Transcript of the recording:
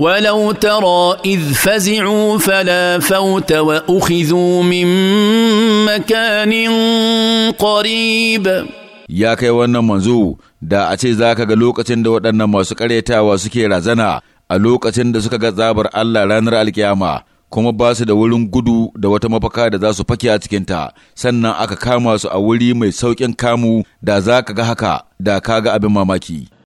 ولو ترى اذ فزعوا فلا فوت واخذوا من مكان قريب ya kai wannan manzo da a ce za ka ga lokacin da waɗannan masu karyatawa suke razana a lokacin da suka ga zabar Allah ranar alkiyama kuma ba su da wurin gudu da wata mafaka da za su fake a cikinta sannan aka kama su a wuri mai sauƙin kamu da za ka ga haka da ka ga abin mamaki.